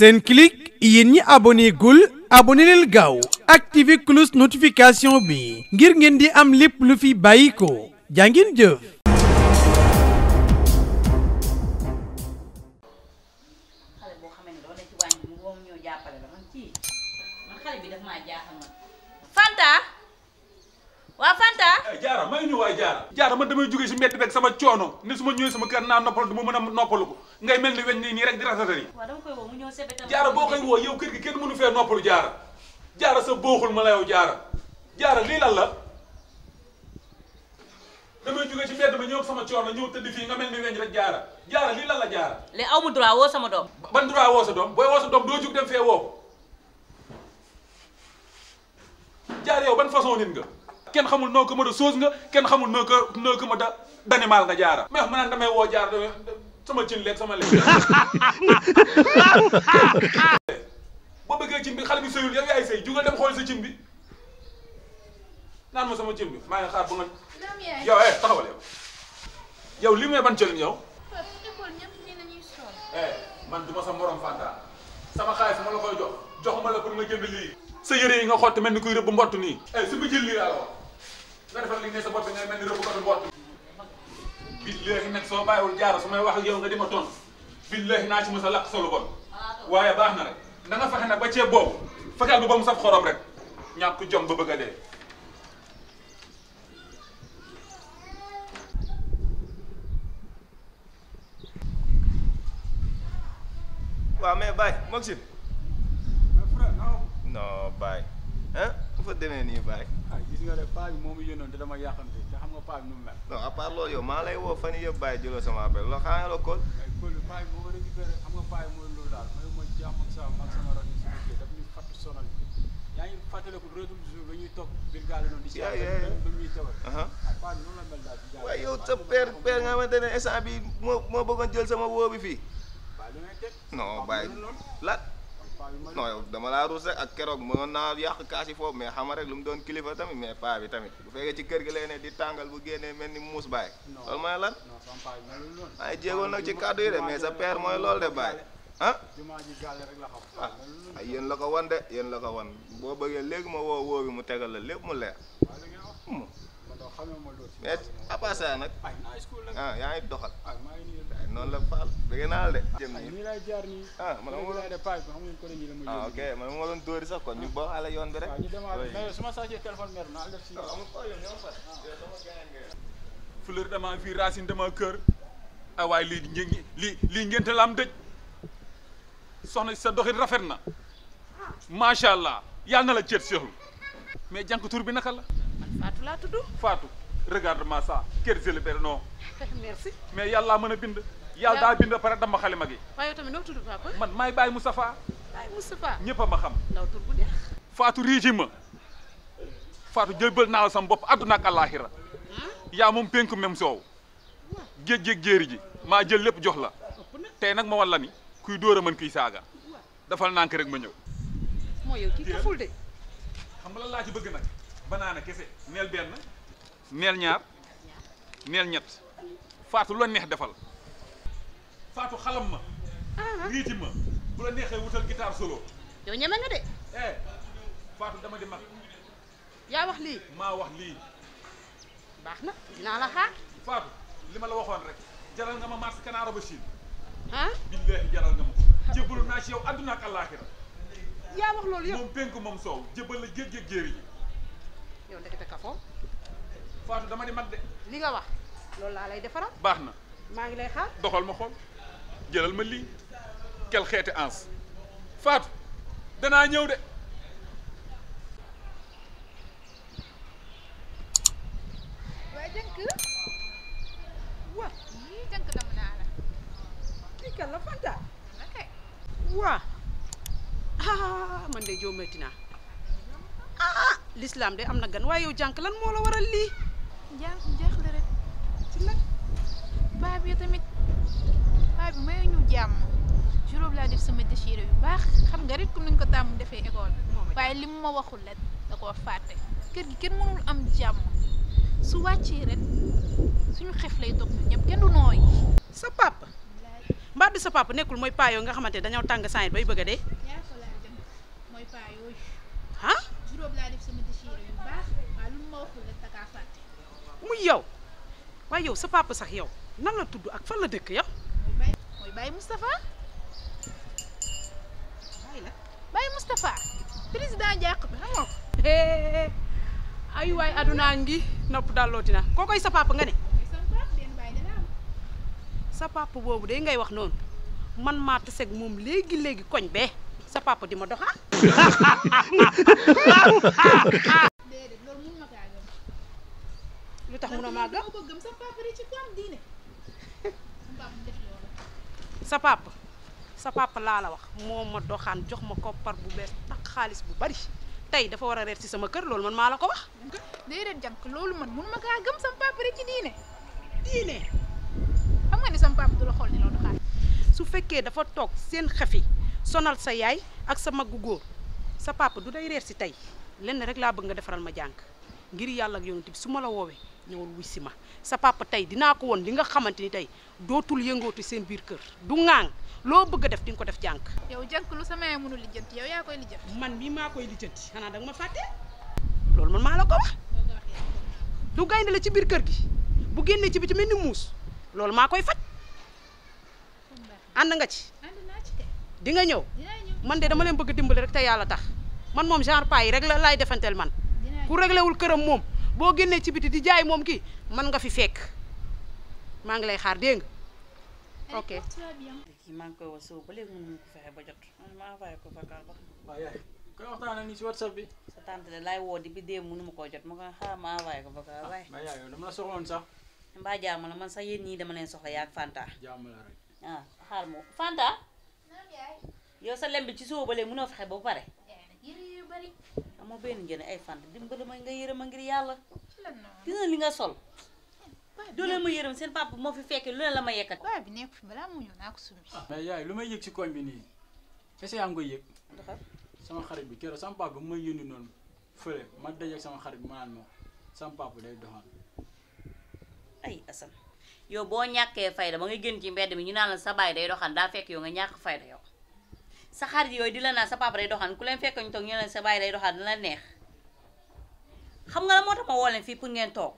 Senclic yéen ñi abonné gul abonné gaaw ak activé cloche notification bi ngir ngeen di am lépp lu fi bàyyi ko jàngin jëf Eh, jaara may ñu jaara jaara man damay jógee si metti rek sama coono ne su ma ñëwee sama kër naa noppalu du ma mën a noppalu ko ngay mel ni weñ nii nii rek di ratatari jaara boo koy woo yow kër gi kenn mënu fee noppalu jaara jaara sa booxul ma la yow jaara jaara lii lal la damay jógee ci mbedd ma ñëw sama coono ñëw tëdd fii nga mel ni weñ rek jaara jaara lii lan la jaara léegi aw mu droit woo sama doom ban droit woo sa doom booy woo sa doom doo jug dem fee woo jaara yow ban façon nit nga kenn xamul noo ko mën a soos nga kenn xamul noo ko noo ko mën a danimal nga jaara mais wax ma naan damay woo jaar damay sama cin lekk sama lekk boo bëggee cin bi xale bi sëyul yow yaay sëy jugal dem xool sa cin bi ma sama cin bi maa ngi xaar ba eh, li may ban cëlin yow eh, man du ma sa morom Fanta sama xaalis ma la koy jox joxuma la pour nga jënd lii sa yëre yi nga xotti mel ni kuy rëbb mbott nii eh su jël lii laa nga defal li ne sa bopp su may wax ak yow nga di ma ton a na rek na nga fexe nag ba ceeb boobu fexeel bu ba mu saf xorom rek ñàkk jom ba bëgg dee waaw mais Baye Maxime non Baye hein bu fa demee nii baay. ah gis nga de paa bi moomu yónnoon te dama yàqante te xam nga paa bi nu mu mel. non à part loolu yow maa lay woo fan yii yëpp bàyyi jëloo sama appel loo la kóol. ay kóol bi paa bi boo ko récupéré xam nga paa bi mooy loolu daal mooy mooy jàmm ak ba ñuy toog uh-huh. ah, waaye yow sa père père nga xamante ne instant bi moo moo bëggoon jël sama woo fii. waaw li non dama laa ruus rek ak keroog mënoon naa yàq kaas foofu mais xama rek lu mu doon kilifa tamit mais paa bi tamit bu fekkee ci kër gi lay ne di tàngal bu génnee mel ni muus bàyyi loolu mooy lan ay jéegoon nag ci kàddu yi de mais sa père mooy loolu de bàyyi ah ah ay yéen la ko wan de yéen la ko wan boo bëggee léegi ma woo woo bi mu tegal la lépp mu leer mais à part ça nag ah yaa ngi doxal noonu la Fall bëgg naa de. jëm nii a ah, ma doon ah ok man ma doon dóori sax kon ñu ah. baaxaale yoon bi rek. Ah. fleur dama fii dama kër ah waaye lii njëngi lii lii ngénte am dëj soxna sa doxit rafet na macha allah yàlla na la cër seexlu mais jànk tur bi naka la. Fatou laa tudd. Fatou regarde-moi ça kër Zéli non. merci. mais yàlla mën a bind. yàlla daa bind pare dama xalima gi. waaye tamit noo tudd papa. man maay Baye Moustapha. Baye ñëpp a ma xam. ndaw tur bu neex. Fatou riiji ma Fatou jëlbal naa la sama bopp àdduna ak hmm? yaa moom penku même soow. géej géej jéeri ji maa jël lépp jox la. tey nag ma walla ni kuy dóor mën kuy saaga. dafal nànk rek ma ñëw. xam nga lan laa ci bëgg nag. banaana kese neel benn neel ñaar neel ñett faatu lu la neex defal faatu xalam ma ah. riiti ma bu la neexee wutal guitare solo yow ñeme nga de eh faatu dama di mag yaa wax lii maa wax lii baax na dinaa la xaar faatu li ma la waxoon rek jaral nga ma mars kanaara ba siin ah billaahi jaral nga ma ko jébbalu naa ci yow àdduna ak yaa wax loolu yow moom penku moom soow jébbal la géej géej géeri yow ndekete kafoo. Fatou dama di mat de. li nga wax loolu laa lay defaral. baax na maa ngi lay xaar. doxal ma xool jëlal ma lii kel xeeti ans Fatou danaa ñëw de. waa jënk waa yii jënk dama naa la. kii kan la Fanta. waaw ah man de joo metti naa lislaam de am na gan waaye yow jànk lan moo la waral lii. jànk jeexle rek ci nag baa bi tamit baa bi mayu ñu jàmm juróom laa def sama déchiré yu baax xam nga rek comme nañ ko tàmm defee école waaye li mu ma waxul rek da koo fàtte kër gi kenn mënul am jàmm su wàccee rek suñu xef lay dog ñu ñëpp kenn du nooy. sa papa mbaa du sa papa nekkul mooy paa yoo nga xamante dañoo tàng saa bay bëgga de Diop laa muy yow waaye yow sa papa sax yow nan la tudd ak fan la dëkk yow. muy Baye muy Baye président jàq bi xamoo ko. ay aduna ngi nopp dalloo dina kookoy sa papa nga ne. sa papa boobu de ngay wax noonu man maa taseeg moom léegi léegi koñ bee. sa papa di ma doxaa déedéet loolu mun ma kaa gëm lu tax mun sa papa laa la wax moo ma doxaan jox ma koppar bu bees tak xaalis bu bari tey dafa war a reer ci sama kër loolu man maa la ko wax déedéet jànk loolu man mun ma kaa gëm sama papa di ci diine diine su fekkee dafa toog seen xef yi sonal sa yaay ak sa maggu góor sa papa du day reer si tey lenn rek laa bëgg nga defaral ma jànk ngir yàlla ak yonent su ma la woowee ñëwal wuy si ma sa papa tey dinaa ko woon li nga xamante ni tey dootul yëngootu seen biir kër du ŋaaŋ loo bëgg a def di ko def jànk. yow jànk lu sama yaay mënul lijjanti yow yaa koy lijjanti. man mii maa koy lijjanti xanaa danga ma fàtte loolu man maa la ko wax. lu gaynde la ci biir kër gi bu génnee ci bi ci mel ni loolu maa koy faj nga ci. di nga ñëw man de dama leen bëgg dimbali rek te yàlla tax man moom genre paa yi rek la laay defanteel man ku réglewul këram moom boo génnee ci biti di jaay moom kii man nga fi fekk maa ngi lay xaar dégg nga ok. kii maa ngi koy wax suba fexe ba jot maa envoyé ko bakkaar ba. waaw yaay koy waxtaan nii si whatsapp bi. sa tante de laay woo di bi dee mënu ma koo jot ma ko xaaral ah, ma envoyé ko bakkaar ah, waaye. waaw yaay yow dama la soxla woon sax. mbaa man sax yéen ñii dama leen soxla yaa ak Fanta. jaamu la yow sa lem bi ci soo ba léegi mënoo fexe ba pare. yére yu bari. amoo njëriñ ay fant dimbali ma nga yërëm ma ngir yàlla. gis na li nga sol. doole ma yërëm seen papa moo fi fekkee lu ne la ma yekkati. waaw bi nekk fi balaa mu ñëw naa ko sumb. Ah, mais yaay lu may yëg ci koñ bi nii est-ce que yaa ngi koy yëg. sama xarit bi keroog sama papa bi may yëndu noonu fële ma dajeeg sama xarit bi ma naan ma sama papa day doxaan. ay Assane. yow boo ñàkkee fayda ba nga génn ci mbedd mi ñu naan la sa baay day doxaan daa fekk yow nga ñàkk fayda yow sa xarit yooyu di la naan sa papa day doxaan ku leen fekk ñu toog ñu ne sa baay day doxaan neex xam nga la moo tax fii pour ngeen toog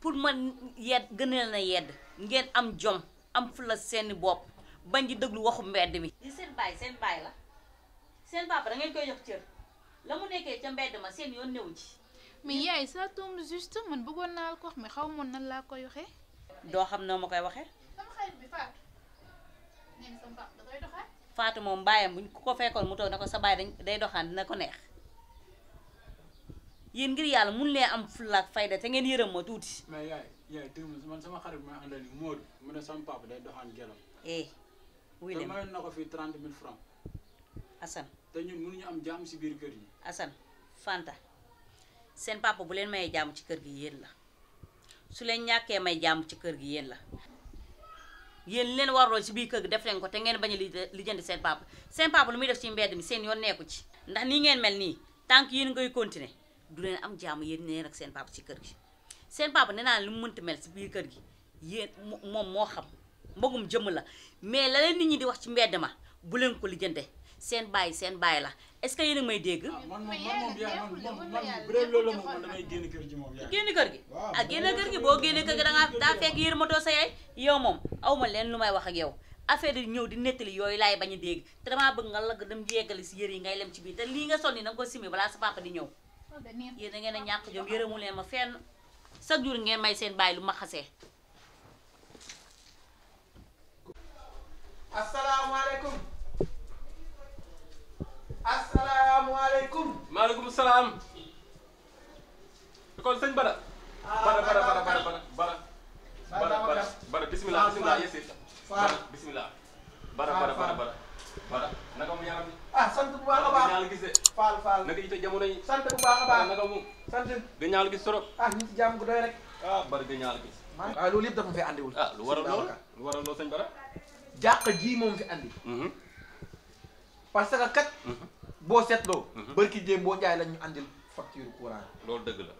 pour ma yedd gën a leen ngeen am jom am la seeni bopp bañ di déglu waxu mbedd mi. li seen baay seen baay la seen papa da ngeen koy jox cër la mu nekkee ca mbedd ma seen yoon new ci. mais yaay sa tombe juste man bëggoon naa la ko xaw ma nan laa koy yoxee doo xam noo ma koy waxee. faatu moom bàyyam buñ ku ko fekkoon mu toog na ko sa baay dañ day doxaan dina ko neex yéen ngir yàlla mun leen am fulaak fayda te ngeen yërëm ma tuuti. mais yaay man sama xarit ma àndal Modou mu ne sama papa day doxaan gelam. eh wuy dem mayoon na ko fii trente mille francs Assane te ñun mënuñu am jàmm si biir kër yi. Assane Fanta seen papa bu leen mayee jàmm ci kër gi yéen la. su leen ñàkkee may jàmm ci kër gi yéen la yéen leen warloo si biir kër gi def leen ko te ngeen bañ a lijjanti seen papa seen papa lu muy def si mbedd mi seen yoon nekku ci ndax nii ngeen mel nii tant que yéen ngay continuer du leen am jàmm yéen neen ak seen papa ci kër gi seen papa ne naa lu mu mënti mel ci biir kër gi yéen moom moo xam mbëggum jëmm la mais la leen nit ñi di wax ci mbedd ma bu leen ko lijjante seen baay seen baay la est-ce que yéen a may dégg. Ah, moom yaa man man bëre loolu moom man damay génn kër gi moom yaa génn kër gi ah, boo génn kër gi da daa fekk yërmatoo sa yaay yow moom aw leen lu may wax ak yow affaire yi ñëw di nettali yooyu laay bañ a dégg te damaa bëgg nga lagg dem yeggali si yër yi ngay lem ci biir te lii nga sol ni danga ko simi balaa sa papa di ñëw oh, yéen da ngeen a ñàkk jom yërëmu leen ma fenn chaque jour ngeen may seen bàyyi lu ma xasee asalaamualeykum. maaleykum salaam. kon sëñ ah, Bada. Bada Bada Bada Bada Bada Bada. Bada Bada Bada bisimilah bisimilah yéen si. Bada bisimilah. Bada Bada Bada Bada. Bada naka mu yaram. ah sant bu baax a baax ñaa la gis de. faal faal naka ite jamono yi. sant bu baax a baax naka mu. sant gëj ñaa la gis trop. ah ñu si jàmm gu doy rek. ah Bada gëj ñaa la gis. waaw ah, loolu yëpp dafa fi andiwul. ah lu waral lool lu waral lool sëñ Bada. jàq ji moom fi andi. Mm-hmm. parce que kat. Mm-hmm. boo seetloo. Mhm. barki démb boo jaay lañ ñu andil facture courant loolu dëgg la.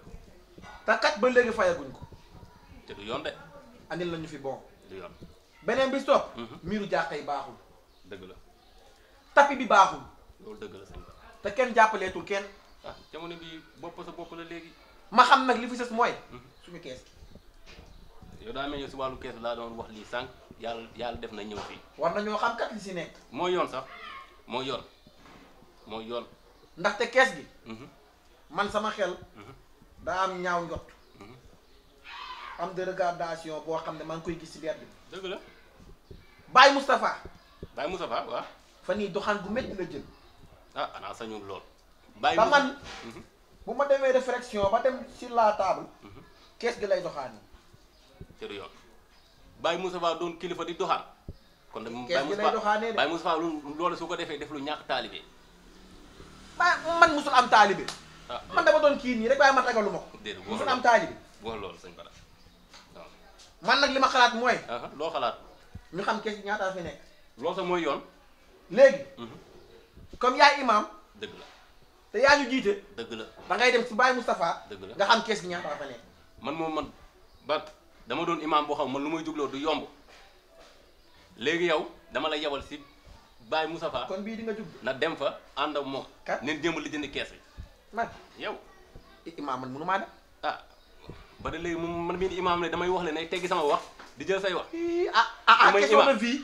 te ba léegi fayaguñ ko. te du yoon de. andil lañu fi bon. du yoon beneen bi toog. Mhm. miiru jàkka yi baaxul. dëgg la. tapi bi baaxul. loolu dëgg la te kenn jàppaleetul kenn. ah jamono bii bopp sa bopp la léegi. ma xam nag li fi sës mooy. Mhm. suñu kees gi. yow daa mel ni si wàllu kees laa doon wax lii sànq yàlla yàlla def na ñëw fii. war nañoo xam kat li si nekk. mooy yoon sax mooy yoon. mooy yoon ndaxte kees gi mhm. man sama xel mhm. daa am ñaaw njott mhm. am dérégardation boo xam ne maa ngi koy gis si leer bi dëgg la Baye Moustapha Baye Moustapha waaw fan yii doxaan gu métti la jël ah ana sañul lool Baye ba man bu ma demee réflexion ba dem si la table kees gi lay doxaan yi te du yoon Baye Moustapha doon kilifa di doxaan kon da kees gi lay doxaanee de Baye Moustapha loolu su ko defee def lu ñàkk taalibe waaye ah, man musul am taalibe ah, man dama doon kii nii rek waaye man ragalu ma ko musul am taalibe wax loolu sëñ Bada man nag li ma xalaat mooy ah, loo xalaat ñu xam kees ñaata fi nekk loolu sax mooy yoon léegi mhm. comme yaay imaam dëgg la te yaa ñu jiite dëgg la da ngay dem si Baye Moustapha dëgg la nga xam kees gi ñaata fa man moom man ba dama doon imaam boo xam man lu may jugloo du yomb léegi yow dama la yebal si bàyyi Moussa kon bii di nga jub na dem fa ànd ak moom. kat nañ jéem a lijjanti kees bi. man yow. imaam man mënumaa dem. ah ba léegi moom man mii di imaam ne damay wax le ne teggi sama wax di jël say wax. ah ah ah question de vie.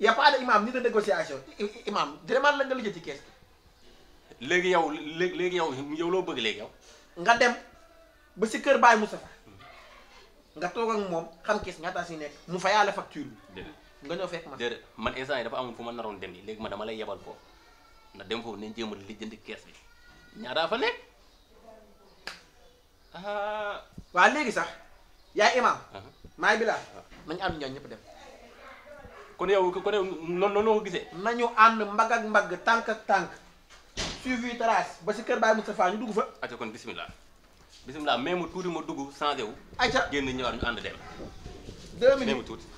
y' a pas de imaam ni de négociation imaam vraiment la nga lijjanti kees bi. léegi yow léegi yow yow loo bëgg léegi yow. nga dem ba si kër Baye Moussa Fall nga toog ak moom xam kees ñaata si nekk mu fayaale facture bi. nga ñëw fekk ma déedéet man instant yi dafa amoon fu ma naroon dem yi léegi ma dama lay yebal foofu na dem foofu nañ jéem a lijjanti kees bi ñaataa fa nekk ah. léegi sax yaay imaam. Uh-huh. maay bi laa uh-huh. nañu ànd ñoom ñëpp dem. kon yow kon yow noonu noonu ko gisee. nañu ànd mbagg ak mbagg tànk tànk suivi trace ba si kër Baye Moustapha ñu dugg fa. ayca kon bisimilah bisimilah même tuuti ma dugg changé wu. ayca génn ñëwaat ñu ànd dem. tuuti.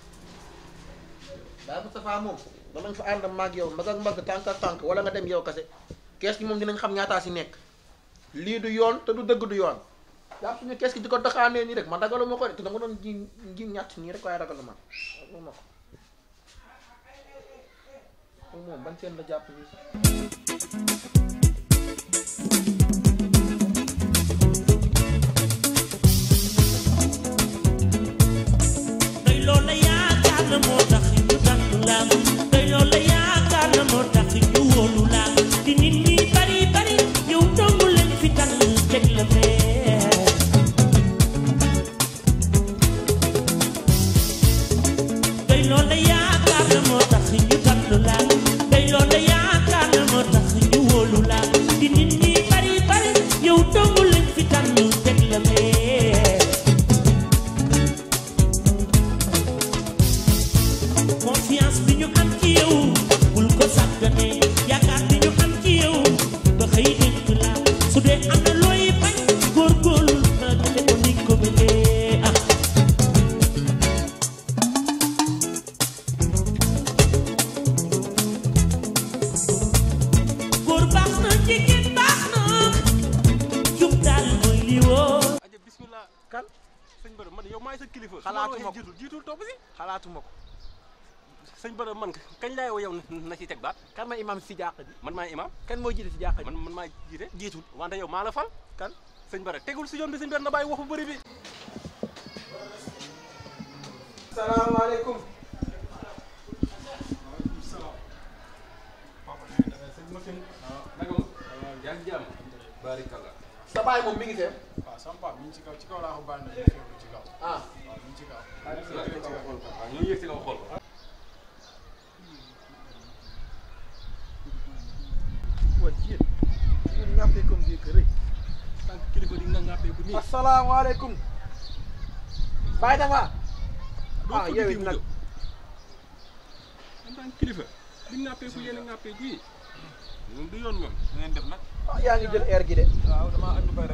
waaye Moustapha moom ba nañ fa ànd mag yow mag ak mbagg tànk ak tànk wala nga dem yow kase kees gi moom dinañ xam ñaataa si nekk lii du yoon te du dëgg du yoon jàpp ñu kees gi di ko doxaanee nii rek man ragalu ma ko de te dama doon ji ji ñàtt nii rek waaye ragalu ma ma ko moom ban seen la jàpp nii Maram sañ Bada man kañ laa yow na ci teg baat kan ma imaam si jàq man maa imaam kan moo jiite si jàq ji man man maa jiite jiitul wante yow maa fal kan sañ Bada tegul si yoon bi sañ Bada na bàyyi waxu bëri bi salaamaaleykum ah, ah, barikalla sa baay moom mi ngi ah, mi ngi ci kaw ci kaw laa ci kaw ah salaamaaleykum. Baye Tafa. ah yow it nag en tant que kilifa. di nàppee fu yéen yaa ngi jël air gi de. waaw damaa andi bay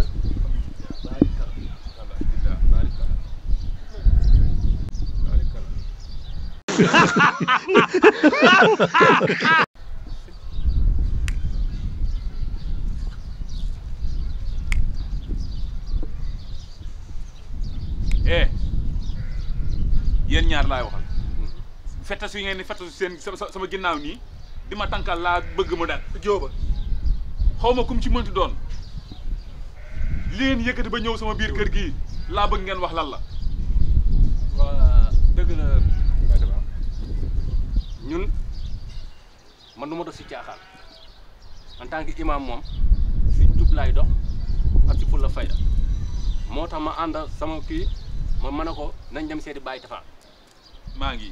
rek eh ñaar laay waxal fettasu yi ngeen ni fettasu seen sama ginnaaw nii di ma tànkal laa bëgg mu daal jóoba xaw ma kum ci mënti doon leen yëkkati ba ñëw sama biir kër gii laa bëgg ngeen wax lan la waa dëgg la ñun man du ma dox si caaxaan en tant que imam moom si jub dox ak si fulla fayda moo tax ma ànd sama kii ma mën a ko nañ dem seeti Baye Tafa maa ngi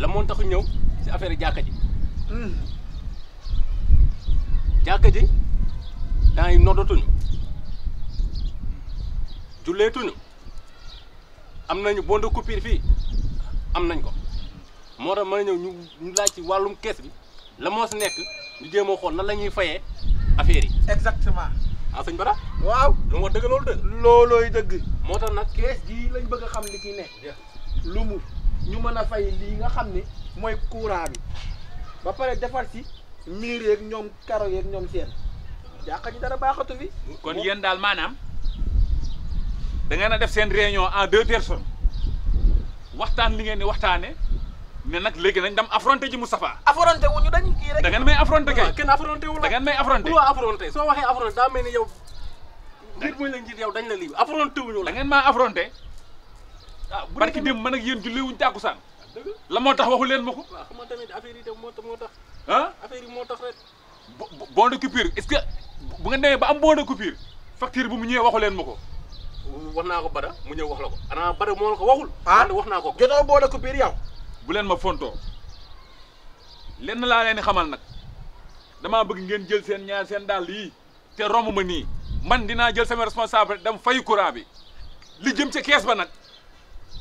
la moon taxu ñëw si affaire jàkka ji hmm. jàkka ji dangay noddatuñu julleetuñu am nañu bon de coupure fii am nañ ko moo tax may ñëw ñu laaj ci wàllum kees bi la moo si nekk ñu jéem a xool na la ñuy fayee affaire yi. exactement. ah sëñ Bara. waaw lu wax dëgg loolu dëgg. loolooy dëgg. moo tax nag kees gi lañ bëgg a xam li ci nekk. lu mu ñu mën a fay lii nga xam ni mooy courant bi ba pare defar si miir yeeg ñoom karo yeeg ñoom seen jàkka ji dara baaxatu fi. kon yéen daal maanaam da ngeen def seen réunion en deux personnes waxtaan li ngeen di waxtaane mais nag léegi nañ dem affronté ji Moustapha. affronté wu ñu dañ kii rek. da ngeen may affronté kenn affronté wu la da may affronté. loo affronté soo waxee affronté daa mel ni yow. ngir buñ la ngir yow dañ la lii affronté wu ñu la. da ngeen maa affronté. ah bu barki dem man ak yéen julli la moo tax waxu leen ma ko. waaw ah, xam nga tamit moo tax moo tax. moo tax rek. bo bon de coupure est-ce que bu nga demee ba am bon de coupure facture bi mu ñëwee waxu leen ma ko. wax naa ko Bada mu ñëw wax la ko ana Bada moo la ko waxul. ah wax naa ko jotoo bon de coupure yow bu leen ma fontoo lenn laa leen xamal nag damaa bëgg ngeen jël seen ñaar seen dàll yi te romb ma nii man dinaa jël sama responsable dam fay courant bi li jëm ca kees ba nag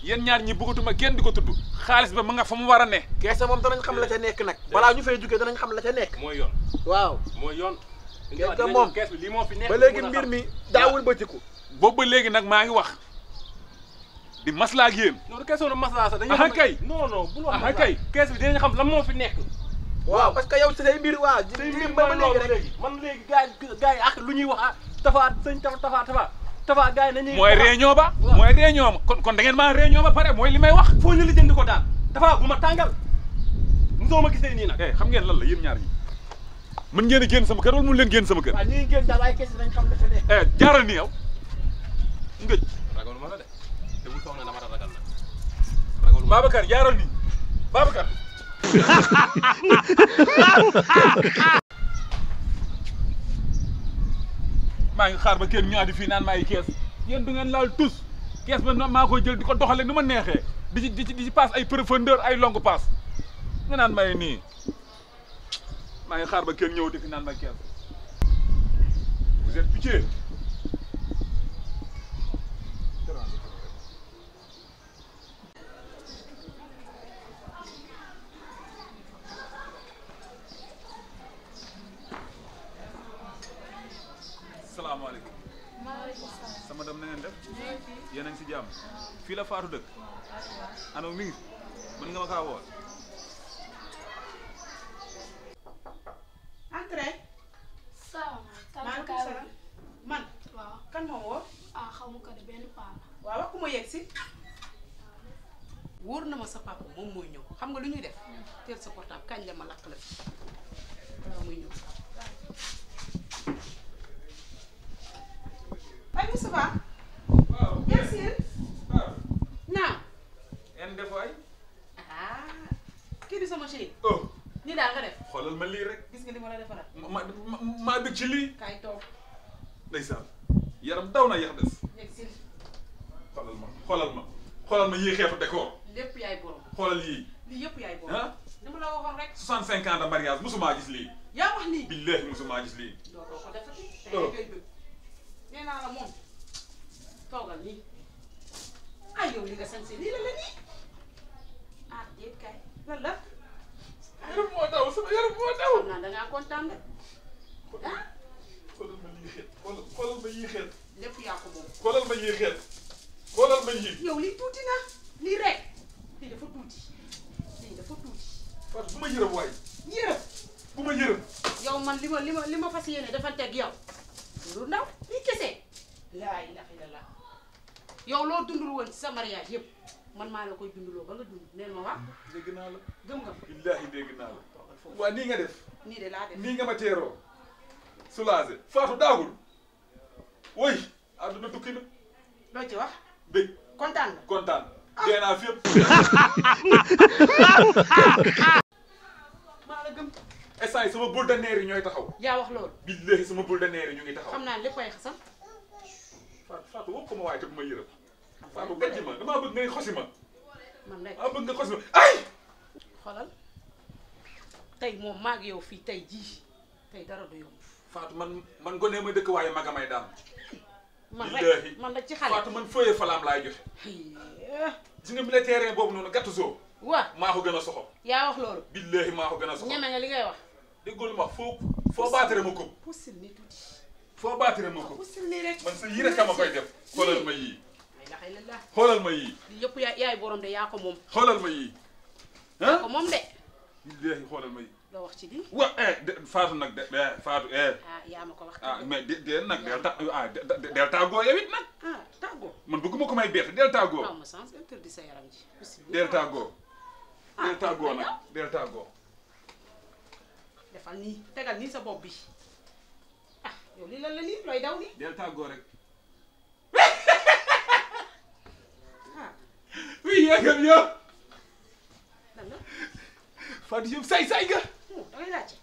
yéen ñaar ñi bëggatuma kenn di ko tudd xaalis ba mu nga fa mu war a ne. kees ba moom danañ xam la ca nekk nag. balaa ñu fay jugee danañ xam la ca nekk. mooy yoon waaw mooy yoon. kees ba moom ba léegi mbir mi ba bëccëgu. boobu ba léegi nag maa ngi wax. di maslaa ak yéen. non question de maslaa sax xam kay kay moo fi nekk. waaw parce que yow ci say mbir waaw. ci mbir lu ñuy wax ah tafaat sëñ tafa tafa tafa. tafa gars yi nañuy mooy réunion ba. mooy réunion ma kon kon da ngeen maa réunion ba pare mooy li may wax. foo ñu li jënd ko daal dafa bu ma tàngal mosoo ma gisee nii nag. Eh, xam ngeen lan la yéen ñaar ñi mën ngeen a sama kër wala mën leen génn sama kër. waaw ñu ngi génn daal ay xam ne fi ne. Eh, jaaral ni yow ngëj suñu soxna dama la ragal nag. maa ngi xaar ba kenn ñaari fii naan maay kees yéen du ngeen laal tus kees ba maa koy jël di ko doxalee nu ma neexe di ci di ci ay profondeur ay longue paas nga naan may nii maa ngi xaar ba kenn ñëw di fi naan may kees vous yéen a ngi si jàmm fii la Fatou dëkk ana mi ngi nga ma kaa wool entrez. man. kan ah, xaw ma ko de benn paa ma yegg na ma sa papa moom mooy ñëw nga lu ñuy def. teel sa portable kañ la ma lakk la fi ay Moustapha Yes, yes. Oh. Now. Ah. kii di sama chéri. oh. nii daal nga def. xoolal ma lii rek. gis nga li ma la defaral. ma ma maa dëkk ci lii. kaay toog. yaram daw na yax des. yegg xoolal ma xoolal ma xoolal ma yii xeetu décor. lépp yaay borom. xoolal yii. lii yëpp yaay borom. ah. ni mu la waxoon rek. 65 ans de mariage musuma gis lii. yaa wax lii. billaahi musuma gis lii. doo ko defati. Oh. la moom. toogal nii ay yow li nga sañ si lii la la nii ah déet kay lan la. yaram moo daw sama yaram moo daw. xam naa da ngaa kontaan de ah. xoolal ma yii ma yii xeet. lépp yaa ko ma yii xeet xoolal ma yii. yow lii tuuti na lii rek lii dafa tuuti lii dafa bu ma yërëm waay. yërëm bu ma yërëm. yow man li ma li ma li ma fas dafa teg yow lu ndaw lii kese. laa ilaha illallah. yow loo dundul woon ci sa mariage yëpp man maa la koy dunduloo ba nga dund neen ma wax. dégg naa la gëm nga. billaahi nii nga def. nii de laa def nii nga ma teeroo. soulagé Fatou daagul woy àdduna tukki na. loo ci wax. bég kontaan nga kontaan. Ah. dee naa fépp. maa gëm. instant yi sama boule de nerf ñooy taxaw. yaa wax loolu. billaahi sama boule de nerf yi ñu ngi taxaw. xam naa lépp ay xasan. Fatou Fatou woo ko ma waaye te bu ma yërëm. Fallou gàcce ma damaa bëgg ngay xosi ma. man rek ah bëgg nga xosi ma ay. xoolal tey moom maag yow fii tey jii tey dara du yomb. Fatou man man gone ma dëkk waaye magamay daam. man rek man rek ci xale Fatou man feuille falaam laay joxe. gis nga militaire boobu noonu gàttu zoo. waaw maa ko gën a soxo yaa wax loolu. billahi maa ko gën a soxo ñeme nga li ngay wax. déggul ma foo foo baatere ma ko. pusil ni tuuti. foo baatere ma ko. pusil ni rek man sa yii rek ma koy def. xoolal ma yii. xoolal ma yii. yëpp yaay yaay borom de yaa ko moom. xoolal ma yii. yaa ko moom de. lii xoolal ma yii. loo wax ci lii. wa eh, de Fatou nag de eh, Fatou. Eh. ah ko wax. ah mais de de nag del ta ah del nag. Ah, man bëgguma ko may bett del tàggoo. aw ma sens interdit sa yaram ji. del tàggoo. ah nag del tàggoo. defal nii tegal nii sa bopp bi ah yow la nii looy daw rek. yeegam yow Fatou Diop say say nga. Hmm, da ngay laajte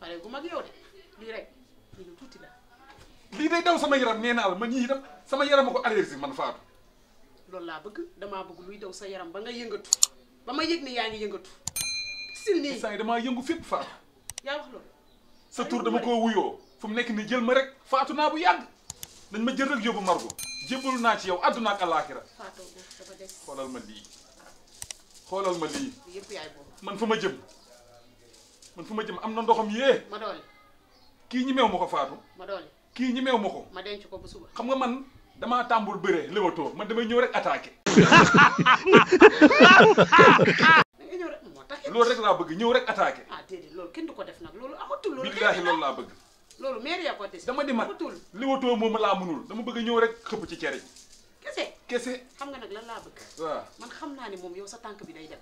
pare gu de lii rek daw sama yaram nee naa la ma ñii itam sama yaram ma ko allergie man Fatou. loolu laa bëgg damaa bëgg luy daw sa yaram ba nga yëngatu ba ma yëg ne yaa ngi yëngatu. si nii saa yi damaa yëngu fépp Fatou. yaa wax sa tur dama ko wuyoo fu mu nekk nii jël ma rek faatu naa bu yàgg dañ ma jël rek yóbbu Margo. jébbalu naa ci yow àdduna ak àllaaxira xoolal ma lii xoolal ma lii man fu ma jëm man fu ma jëm am na ndoxam yee ma doole kii ñi meew ma ko faatu ma doole kii ñi meew ma ko ma denc ko bu suba xam nga man damaa tàmbul bëree léwatoo man damay ñëw rek attaqué loolu rek laa bëgg ñëw rek attaqué ah déedéet loolu kenn du ko def nag loolu amatul loolu billaahi loolu laa bëgg loolu mairie ya ko tis dama di man li watoo moom laa mënul dama bëgg ñëw rek xëpp ci cere kese kese xam nga nag lan laa bëgg waaw man xam naa ni moom yow sa tànk bi day dem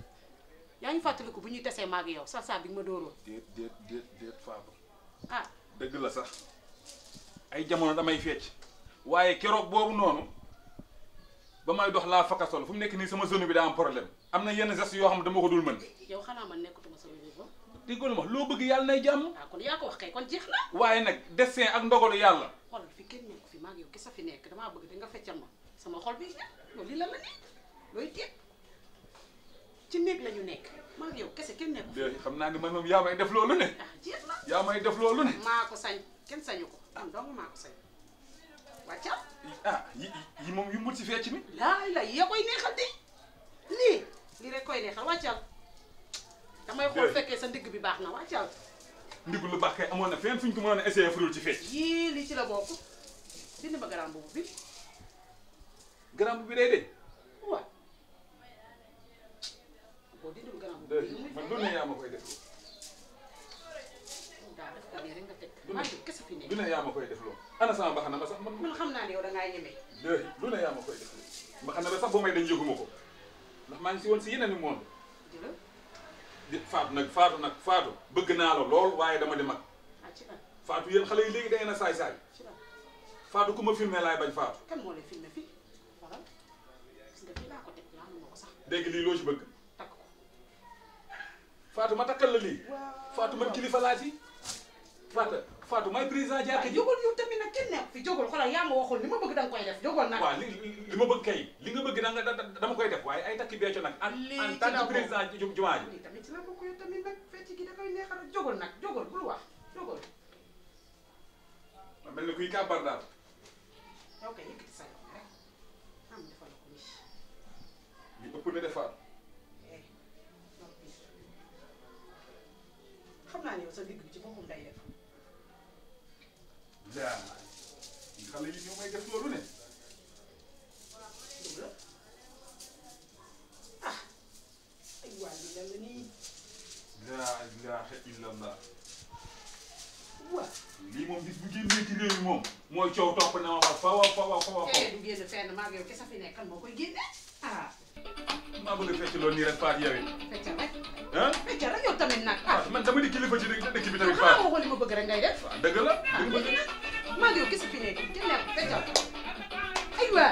yaa ngi fàttaliku bu ñuy tesee maag yow sa sa bi nga ma dóoroon déet déet ah. dëgg la sax ay jamono damay fecc waaye keroog boobu noonu ba may dox laa fakasol fu mu nekk nii sama zone bi daa am problème am na yenn gestes yoo xam ne dama ko dul mën yow xanaa man nekkatuma sama di ko ma loo bëgg yàlla nay jàmm. ah kon yaa ko wax kay kon jeex na. waaye nag destin ak ndogalu yàlla. xool fi kenn nekk fi maa ngi yow kese fi nekk damaa bëgg danga feccal ma sama xol bi la ci néeg la ñu nekk maa ngi yow kenn nekk. xam naa ni man moom yaa may def loolu ne. ah jeex na yaa may def loolu ne. maa sañ kenn sañu ko. ah dong maa sañ wàccal. Ah, yi moom yu mut si fecc mi. laa la yee koy neexal de lii lii rek koy neexal wàccal. damay xool fekkee sa ndigg bi baax na waa Thiel. ndigg lu baax kay amoon na fenn fuñ ko mënoon a essayé furul ci fecc. yii lii ci la bokk dindi ma garam boobu bi. garam bi bu deñ. waaw. boo dindi ma garam man loolu yaa ma koy def loo. daa def ko nii rek nga teg. maa ngi kese lu ne yaa ma koy def loo. ana sama mbaxana ma sax man. xam naa ne yow da ngaa ñeme. déedéet lu ne yaa ma koy ba sax dañ yëguma ko ndax maa ngi si woon si yeneen i monde. di faatu nag faatu nag faatu bëgg naa la lool waaye dama di mag faatu yéen xale yi léegi da ngeen a saay-saay faatu ku ma filmé laay bañ faatu. kan moo lay filmé fii waral gis nga fii dégg lii loo ci bëgg. faatu ma takkal la lii. faatu man kilifa laa ci faatu. Fatou may président jàkk ji jógal yow tamit nag kenn nekk fi jógal xoolal yaa ma waxoon li ma bëgg da nga koy def jógal nag waaw li ma bëgg kay li da koy def waaye ay takki becco nag en tant que président jumaa ji lii tamit ci la bokk yow tamit nag fecc gi dafay neexal jógal nag jógal bul wax jógal mel ni kuy kàbbar daal yow kay yëkkati sa yoon rek am defal ko ni li na defaat eh, xam naa ne yow sa digg bi ci boppam day def jaaraama yi xam ne ñoo may def loolu ne ah ay waa li la nii. laa ilaaha illallah. waaw lii moom bis bu génnee ci réew mi moom mooy coow topp na ma fa fa wa fa wa fa wa. tey eh, du génn fenn maa ngi yow kese fi nekk kan moo koy génne ah. maa bëgg a fecc loolu nii rek Fatou yow it. feccal rek. ah feccal rek yow tamit nag. ah man dama di kilifa ci dëkk bi tamit. Ah, Fatou ah ma bëgg rek ngay def. waaw ah, dëgg la ah, dëgg la. maa ngi yow gis fi nekk di nekk fekk aywa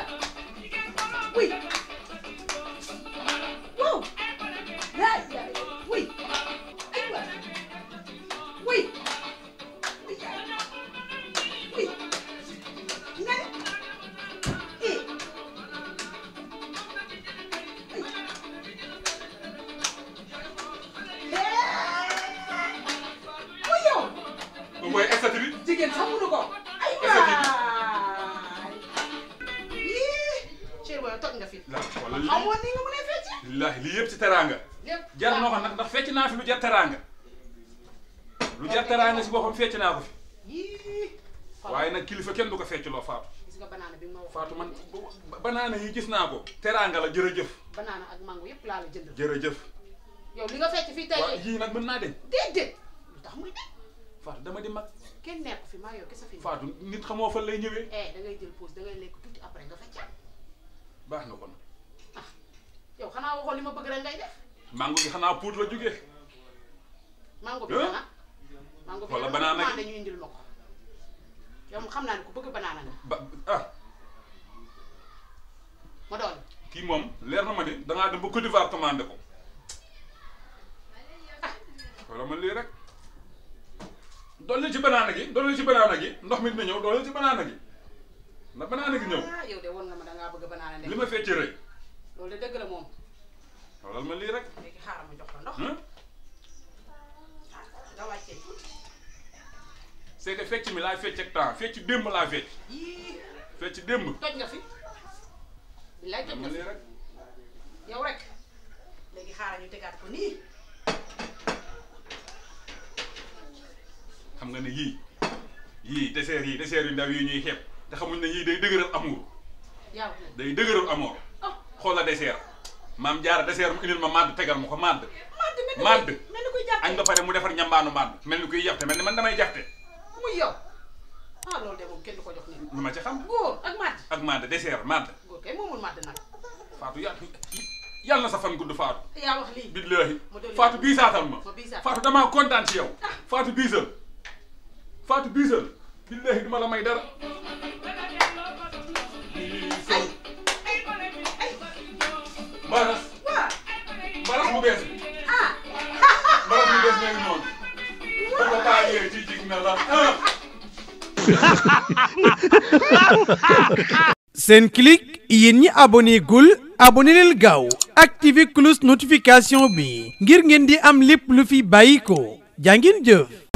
wallaahi lii yëpp ci teraanga. jar noo xam nag ndax fecc naa fi lu jar teraanga. lu jar teraanga si boppam fecc naa ko fi. waaye nag kilifa kenn du ko fecc loo faatu. gis nga banaana bi ma wax faatu man banaana yi gis naa ko. teraanga jërëjëf. banaana ak mango yëpp laa la jënd. jërëjëf. yow li nga fecc fii tey waaw yii mën naa dem. déedéet lu tax dem. faatu dama di mag. kenn nekk fi maa yow kese fi. faatu nit xamoo fan lay ñëwee. eh da ngay jël pause dangay ngay lekk après nga feccaat. baax na kon. yow xanaa waxoon li ma bëgg rek ngay def. mango gi xanaa puut la jógee. mango bi dana. mango bi dana banana gi ñu indil ma ko. yow xam naa ne ku bëgg banana nga. ba ah. ma doon. kii moom leer na ma ne dangaa dem ba Côte d'Ivoire commandé ko. Ah. wala ma lii rek. dolli ci banaana gi dolli ci banaana gi ndox mi dina ñëw dolli ci banaana gi na banaana gi ñëw. Ah, yow de woon nga ma dangaa bëgg banaana li ma fecc rëy. loolu de dëgg la moom. xoolal ma lii rek. léegi xaaral ma jox la ndox. Hmm? Ah, nga wàccee tuuti. c'est que fecc mi laay fecc ak temps fecc démb laa fecc. fecc démb. toj nga fi. bilaay toj nga fi rek. yow rek. léegi xaaral ñu tegaat ko nii. xam nga ne yii yii dessert yi dessert yu ndaw yi ñuy xeeb te xamuñ ne yii day dëgëral amour. day dëgëral amour. xoola dessert maam jaara dessert mu indil ma màdd tegal ma ko màdd màdd añ ba pare mu defar ñambaanu màdd mel ni kuy jaxte mel ni man damay jaxte muy yow ah loolu de kenn du ko jox nii lu ma ci xam góor ak màdd ak màdd faatu yàlla yàlla sa fan gudd faatu yaa wax lii billaahi faatu biisaatal ma faatu damaa kontaan ci yow ah. faatu biisal faatu biisal billaahi du la may dara mel noonu bu ko bàyyee ñi abonné gul abonné leen gaaw activé cloche notification bi ngir ngeen di am lépp lu fi bàyyi ko jaa ngeen jëf